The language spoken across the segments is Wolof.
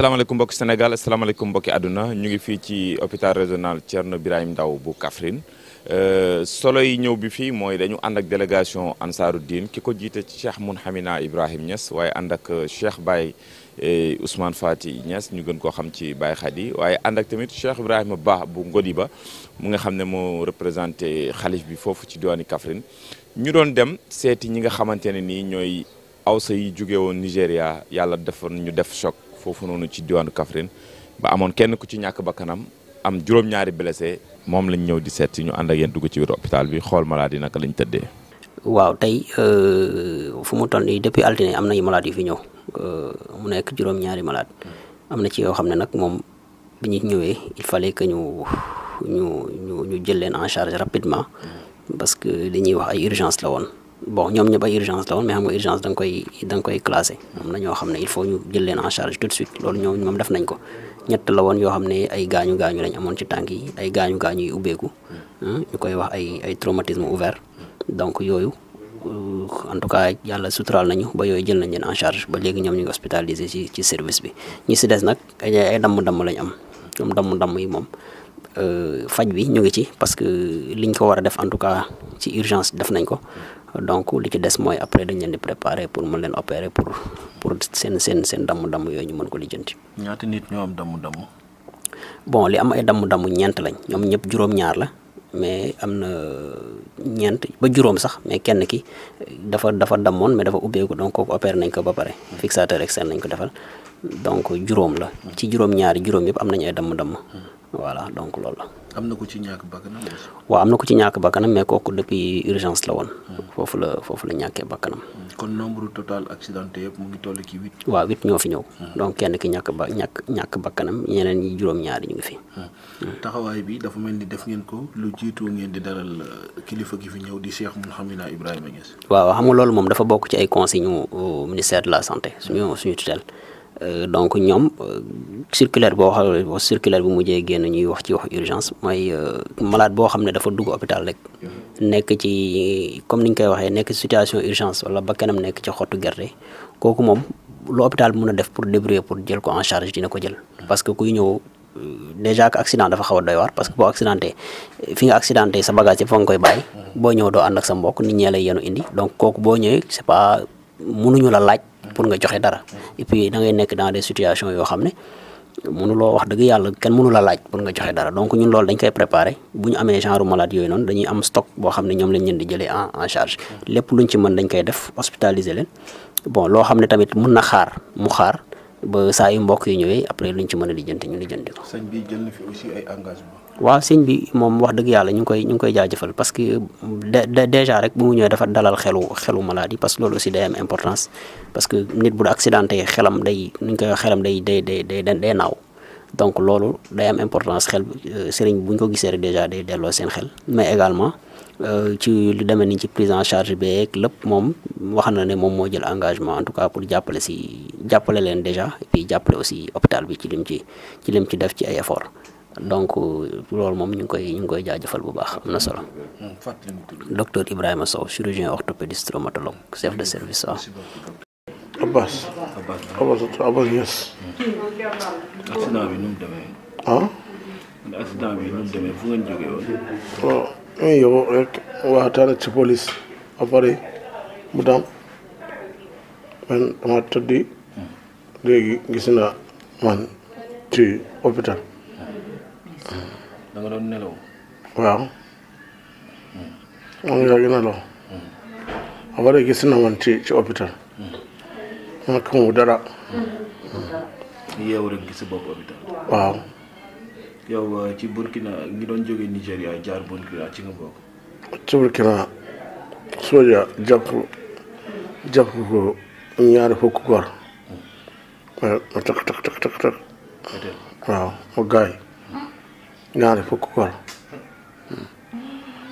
asalaamaaleykum mbokki Sénégal asalaamaaleykum mbokki àdduna ñu ngi fii ci hôpital régional Thierno Birahim ndaw bu Kaffrine euh, solo yi ñëw bi fii mooy dañu ànd ak délégation Ansaaru Diin ki ko jiite ci Cheikh Mounhamina Ibrahim Niass waaye ànd ak euh, Cheikh Baye euh, Ousmane Fati Niass ñu gën koo xam ci Baye Khady waaye ànd ak tamit Cheikh Ibrahima Ba bu ba mu nga xam ne moo représenté xalif bi foofu ci diwaani Kaffrine ñu doon dem seeti ñi nga xamante ne nii ñooy awsa yi jóge woon Nigéria yàlla defoon ñu def choc. foofu noonu ci diwaanu Kaffrine ba amoon kenn ku ci ñàkk bakkanam am juróom-ñaari blessé moom lañ ñëw di seet si ñu ànd ak yéen dugg ci biir hôpital bi xool malade yi naka lañ tëddee. waaw tey euh, fu mu toll nii depuis altine am nañu malade yu fi ñëw euh, mu nekk juróom-ñaari malade am na ci yoo xam ne nag moom bi ñu ñëwee il fallait que ñu ñu ñu ñu jël leen en charge rapidement parce que li ñuy wax ay urgence la woon. bon ñoom ñëpp ay urgence la woon mais xam nga urgence da koy da nga koy classé am na ñoo xam ne il faut ñu jël leen en charge tout de suite loolu ñoom moom def nañ ko ñett la woon yoo xam ne ay gaañu gaañu lañ amoon ci tànk yi ay gaañu gaañu yu ubbeeku ah, ñu koy wax ay ay traumatisme ouvert donc yooyu en tout cas yàlla suturaal nañu ba yooyu jël nañ leen en charge ba léegi ñoom ñu ngi hospitalisé ci service bi ñi si des nag ay damm-damm lañ am ñoom damm-damm yi moom euh, faj bi ñu ngi ci parce que liñ ko war a def en tout cas ci urgence def nañ ko donc li ci dess moy après dañ leen di préparer pour mën leen opérer pour pour sen sen sen damu damu yoy ñu mën ko lijeenti ñaata nit ñoo am damu damu bon li am ay damu damu ñent lañ ñom ñep juroom ñaar la mais amna ñent ba juroom sax mais kenn ki dafa dafa damone mais dafa ko donc ko opérer nañ ko ba paré fixateur externe nañ ko defal donc juroom la hmm. ci juroom ñaar juroom yep am nañ ay damu damu hmm voilà donc loolu la. am ku ci ñak bakanam wa amna na ku ci ñak bakanam mais kooku depuis urgence la won hmm. fofu la fofu la ñaké bakanam hmm. kon nombre total accidenté yëpp mu ngi toll ci 8 wa 8 ñofi fi hmm. donc kenn ki ñak ba ñak ñak bakanam ñeneen ñi juróom-ñaari ñu ngi fi. taxaway bi dafa melni def ngeen ko lu jitu ngeen di daral euh, kilifa gi fi ñew di Cheikh Mouhamina Ibrahima ngiss wa xam nga loolu mom dafa bok ci ay consignes euh, ministère de la santé suñu suñu tutelle. Euh, donc ñoom euh, circulaire boo xam circulaire bu mujjee génn ñuy wax ci wax urgence mooy euh, malade boo xam ne dafa dugg hôpital rek nekk ci comme ni ñu koy waxee nekk situation urgence wala ba kenam nekk ci xottu gerte kooku moom lu hôpital mun a def pour débrouiller pour jël ko en charge dina ko jël parce que kuy ñëw déjà que accident dafa xaw a doy waar parce que boo accidenté fi nga accidenté sa bagage yëpp fa nga koy bàyyi mm-hmm. boo ñëw doo ànd ak sa mbokk nit ñee lay yenu indi donc kooku boo ñëwee c'est pas mënuñu la laaj pour nga joxe dara et puis ngay nekk dans des situation yoo xam ne mënuloo wax dëgg yàlla kenn mënu la laaj pour nga joxe dara donc ñun loolu dañ koy préparer bu ñu amee genre malade yooyu noonu dañuy am stock boo xam ne ñoom lañ leen di jëlee en en charge lu luñ ci mën dañ koy def hospitaliser leen bon loo xam ne tamit mun na xaar mu xaar ba saa yu mbokk yi ñëwee après ñu ci mën a lijjanti ñu lijjanti ko. sëñ bi jël wa sëñ bi mom wax deug yalla ñu koy ñu koy jaajeufal parce que déjà rek bu mu ñëw dafa dalal xelu xelu maladie parce que lolu aussi day am importance parce que nit bu accidenté xelam day ñu koy xelam day day day day day naaw donc lolu day am importance xel euh, sëriñ buñ ko gisee rek déjà day délo seen xel mais également euh, ci lu demee ni ci prise en charge ak lepp mom wax na né mom mo jël engagement en tout cas pour jappalé ci jappalé len déjà et puis jappalé aussi hôpital bi ci lim ci ci lim ci def ci ay effort donc loolu moom ñu ngi koy ñu ngi koy jaajëfal bu baax am na solo mm, docteur Ibrahima Sow chirurgien orthopédiste traumatologue chef de service ah. Abbas Abbas Abbas Niass. Mm. accident bi nu mu demee. ah. accident bi nu mu demee fu ngeen jógee woon. waaw yow rek waxtaan ci police après mu man dama tëddi mm. léegi gis naa man ci hôpital. da doon nelaw. waaw. moom yaa ngi nelaw. xam nga gis na man ci ci hôpital. ma ko dara. yow rek gis bopp hôpital. waaw. yow uh, ci Burkina ngi doon jógee Nigéria jaar Burkina ci nga bokk. ci Burkina sooja jàpp jàpp ko ñaari fukk góor. Mm. waaw mu gaañ. ñaare fukk kol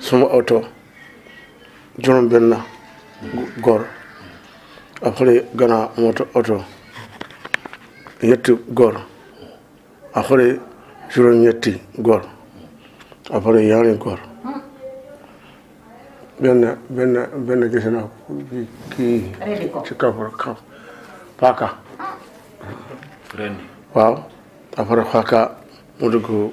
suma auto juróom benn gor après ganaa moto auto ñetti gor après juróom ñetti gor après yaani gor benn benn benn gise naa ki kii ci kafar kaf faaka waaw après faaka mu dugg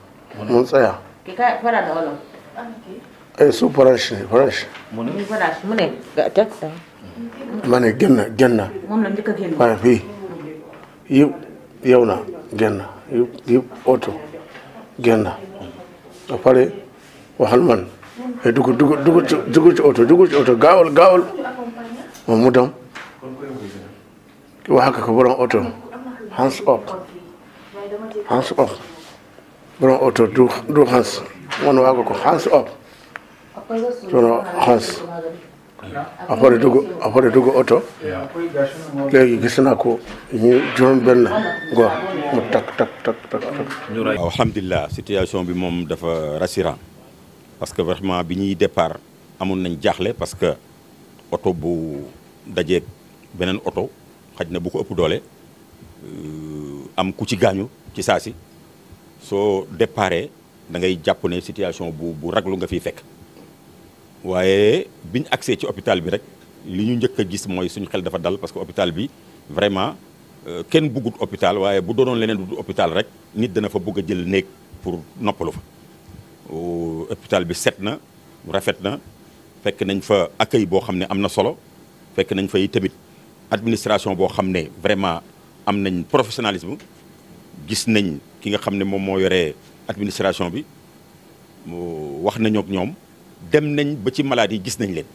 mun tsaya ki ka fara da wannan eh su faransh ne faransh mun ne faransh mun ga taksa mane genna genna mun nan duka genna fa fi yi yauna genna yi auto genna a fare wa halman e eh, dugu dugu dugu dugu auto dugu auto gawal gawal mun mamudan wa haka ka buran auto hands up hands up borom auto, du du xas man waago ko xas op oh. sono xas après dugg après dugg auto léegi gis naa ko ñu juróom benn góor mu tak tak tak tak tak alhamdulilah situation bi moom dafa rassurant parce que vraiment bi ñuy départ amoon nañ jaaxle parce que auto bu dajeeg beneen auto xaj na bu ko ëpp doole euh, am ku ci gaañu ci saa si so déparé da ngay japp né situation bu bu raglu nga fi fekk wayé biñ accès ci hôpital bi rek li ñu njëkk gis moy suñu xel dafa dal parce que hôpital bi vraiment euh, ken bëggut hôpital wayé bu doonoon leneen du hôpital rek nit dana fa bëgg jël nek pour noppalu fa hôpital bi setna na rafet fekk nañ fa accueil bo xamné amna na solo fekk nañ fa yi tamit administration bo xamné vraiment am nañ professionnalisme gis nañ ki nga xam ne moom moo yore administration bi wax nañoo ñoom dem nañ ba ci malade gis nañ leen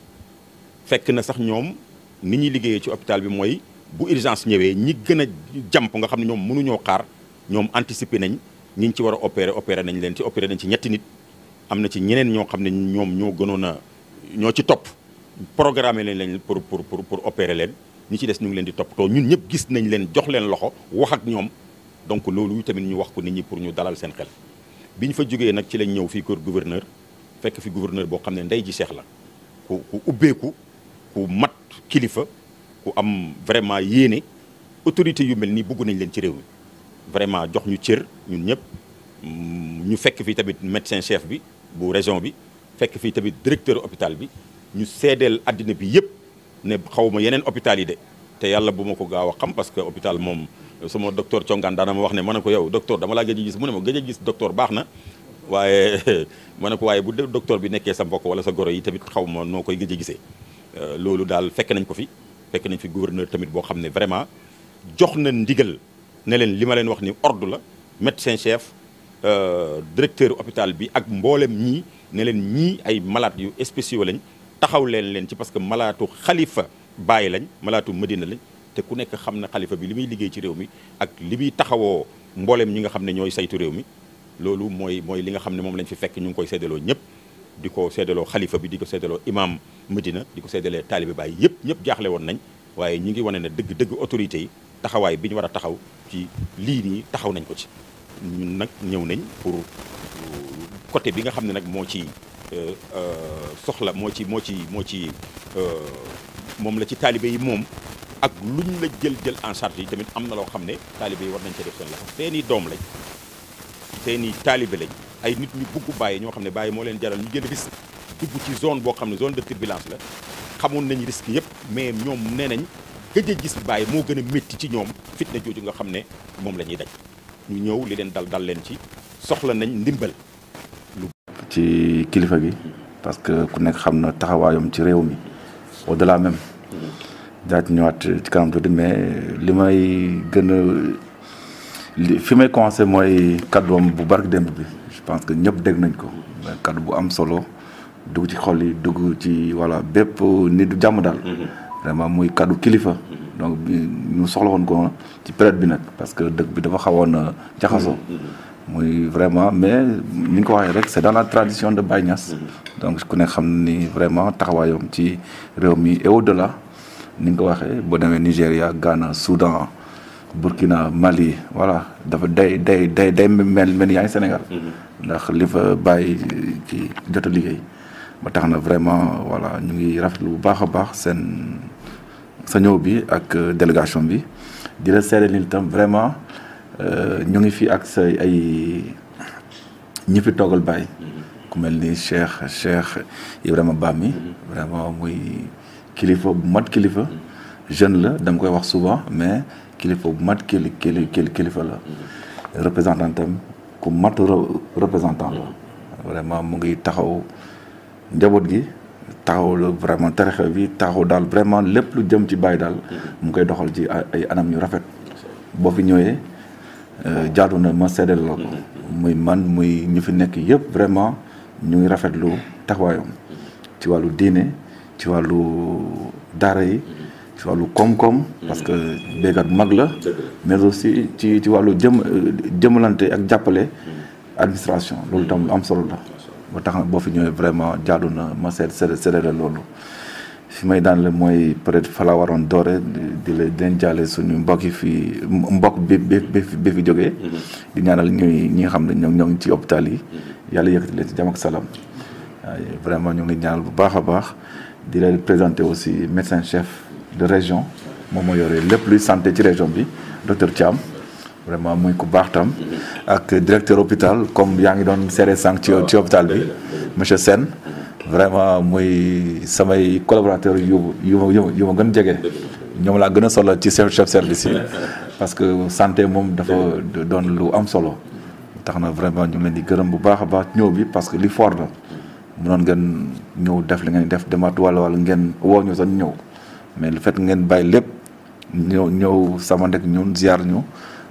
fekk na sax ñoom ni ñuy liggéeyee ci hôpital bi mooy bu urgence ñëwee ñi gën a jàmp nga xam ne ñoom mënuñoo xaar ñoom anticiper nañ ngi ci war a opérer opérer nañ leen ci opérer nañ ci ñetti nit am na ci ñeneen ñoo xam ne ñoom ñoo gënoon a ñoo ci topp programmer leen leen pour pour pour opérer leen ñi ci des ñu ngi leen di toppatoo ñun ñëpp gis nañ leen jox leen loxo wax ak ñoom. donc loolu tamit ñu wax ko pour ñu dalal seen xel bi fa ci lañ ñëw gouverneur fekk fi gouverneur boo xam ne ji cheikh la ku mat kilifa ku am vraiment yéene autorité yu mel nii nañ leen ci vraiment jox ñu ñun ñëpp mm, ñu fekk fi tamit médecin chef bi bu région bi fekk tamit directeur hôpital bi ñu seedeel bi yëpp ne hôpital yi de ko parce que sama docteur congaan daana ma wax ne manako yow docteur dama la gëj gis mu ne ma gëj gis docteur baxna waye manako waye bu docteur bi nekkee sa bokk wala sa goro yi tamit xaw ma noo koy gëj a gisee euh, loolu fekk nañ ko fi fekk nañ fi gouverneur tamit bo xamné vraiment jox na ndigal ne leen li ma wax ni ordre la médecin chef euh, directeur hôpital bi ak mboolem ñi ne leen ñii ay malade yu spéciaux lañ taxaw leen leen ci parce que malaatu khalifa bàyyi lañ malaatu Medina lañ te ku nekk xam na xalifa bi li muy liggéey ci réew mi ak li muy taxawoo mboolem ñi nga xam ne ñooy saytu réew mi loolu mooy mooy li nga xam ne moom lañ fi fekk ñu ngi koy seddaloo ñëpp di ko seddaloo xalifa bi di ko seddaloo imam Medina di ko seddalee taalibe Baay yëpp ñëpp jaaxle woon nañ waaye ñi ngi wane ne dëgg dëgg autorités taxawaay bi ñu war a taxaw ci lii nii taxaw nañ ko ci nag ñëw nañ pour côté bi nga xam ne nag moo ci euh, euh, soxla moo ci moo ci moo ci euh, moom la ci taalibe yi moom ak luñ la jël jël en charge yi tamit am na loo xam ne taalibe yi war nañ cee def seen doom lañ seeni taalibe lañ ay nit ñu bugg bàyyi ñoo xam ne bàyyi moo leen jaral ñu jël risque ci zone boo xam ne zone de turbulence la xamoon nañ risque yëpp mais ñoom nee nañ gëj a gis bàyyi moo gën a métti ci ñoom fitna jooju nga xam ne moom la ñuy ñu ñëw li leen dal dal leen ci soxla nañ ndimbal lu ci kilifa gi parce que ku nekk xam na taxawaayam ci réew mi au delà même dinaa ci ñëwaat ci kanam tuuti mais li may gën a li fi may commencé mooy kàddoom bu barke démb bi je pense que ñëpp dégg nañ ko kàddu bu am solo dugg ci xol yi dugg ci voilà bépp nit du jàmm daal. Mhm. vraiment muy kàddu kilifa. Mhm. donc ñu soxla woon ko ci période bi nag parce que dëkk bi dafa xawoon jaxasoo. Mhm. muy vraiment mais ni ñu ko waxee rek c'est dans la tradition de Baye Niass. donc ku ne xam ni vraiment taxawaayam ci réew mi et au-delà ni nga ko waxee boo demee Ghana Soudan Burkina Mali voilà dafa day day day day mel mel yaa Sénégal. Mhm. ndax li fa bay ci jot a liggéey. ba taxna vraiment voilà ñu ngi rafetlu bu baax a baax seen sa ñëw bi ak euh, délégation bi di la seede ni tam vraiment euh, ñu ngi fi ak say ay ñi fi togal bay mhm. ku melni Cheikh Cheikh Ibrahima bammi mhm. vraiment muy kilifa bu mat kilifa jeune la dama koy wax souvent mais kilifa bu mat kili kili kilifa la représentant tam ku mat représentant la vraiment mu ngi taxaw njaboot gi taxaw la vraiment tarixa bi taxaw daal vraiment lépp lu jëm ci bàyyi daal mu koy doxal ci ay anam yu rafet boo fi ñëwee euh, jaadu na ma seddal la ko muy man muy ñu fi nekk yëpp vraiment ñu ngi rafetlu taxawaayam ci wàllu diine ci wàllu daara yi ci wàllu koom-koom parce que béykat mag la mais aussi ci ci wàllu jëm jëmalante ak jàppale administration loolu tam lu am solo la ba tax na boo fi ñëwee vraiment jaadu na ma seet seede la loolu fi may daan la mooy peut-être fa waroon doore di la den jaale suñu mbokk yi fi mbokk bi bi fi jógee di ñaanal ñuy ñi nga xam ne ñoo ñoom ci hôpital yi yàlla yëkkati leen ci jàmm ak salaam waaye vraiment ñu ngi ñaanal bu baax a baax di leen présenter aussi médecin chef de région Momo moo yore le plus santé ci région bi docteur Thiam vraiment muy ku baax ak directeur hôpital comme yaa Don doon seere sànq ci hôpital bi monsieur Sène vraiment muy samay collaborateur yu yu ma yu ma gën jege ñoom laa gën solo ci chef service parce que santé moom dafa doon lu am solo tax na vraiment ñu ngi leen di gërëm bu baax parce que l'effort mënoon ngeen ñëw def li ngeen def demaat wàll wàll ngeen woo ñu sax ñëw mais le fait ngeen bàyyi lépp ñëw ñëw sama ndek ñun ziar ñu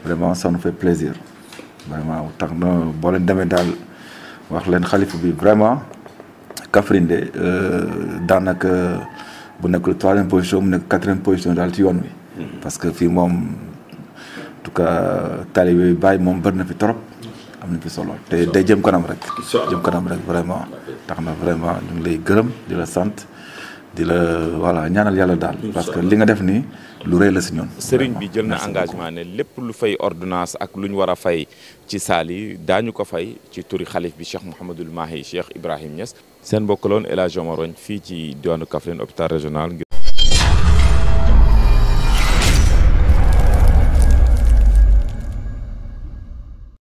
vraiment ça nous fait plaisir vraiment tax na boo leen demee daal wax leen xalifa bi vraiment Kaffrine de euh, daanaka bu nekk troisième position mu nekk quatrième position daal ci yoon wi. Mm-hmm. parce que fii moom en tout cas taalibe bi bàyyi moom bëri na fi trop. am na fi solo te day jëm kanam rek jëm kanam rek vraiment tax na vraiment ñu ngi lay gërëm di la sant di la voilà ñaanal yàlla daal parce que li nga def nii lu rëy la si ñun sëriñ bi jël na engagement ne lépp lu fay ordonnance ak lu ñu war a fay ci saal yi daañu ko fay ci turi xalif bi Cheikh Mouhamadul Mahi Cheikh Ibrahim Niass seen mbokk la woon El fii ci diwaanu Kaffrine hôpital régional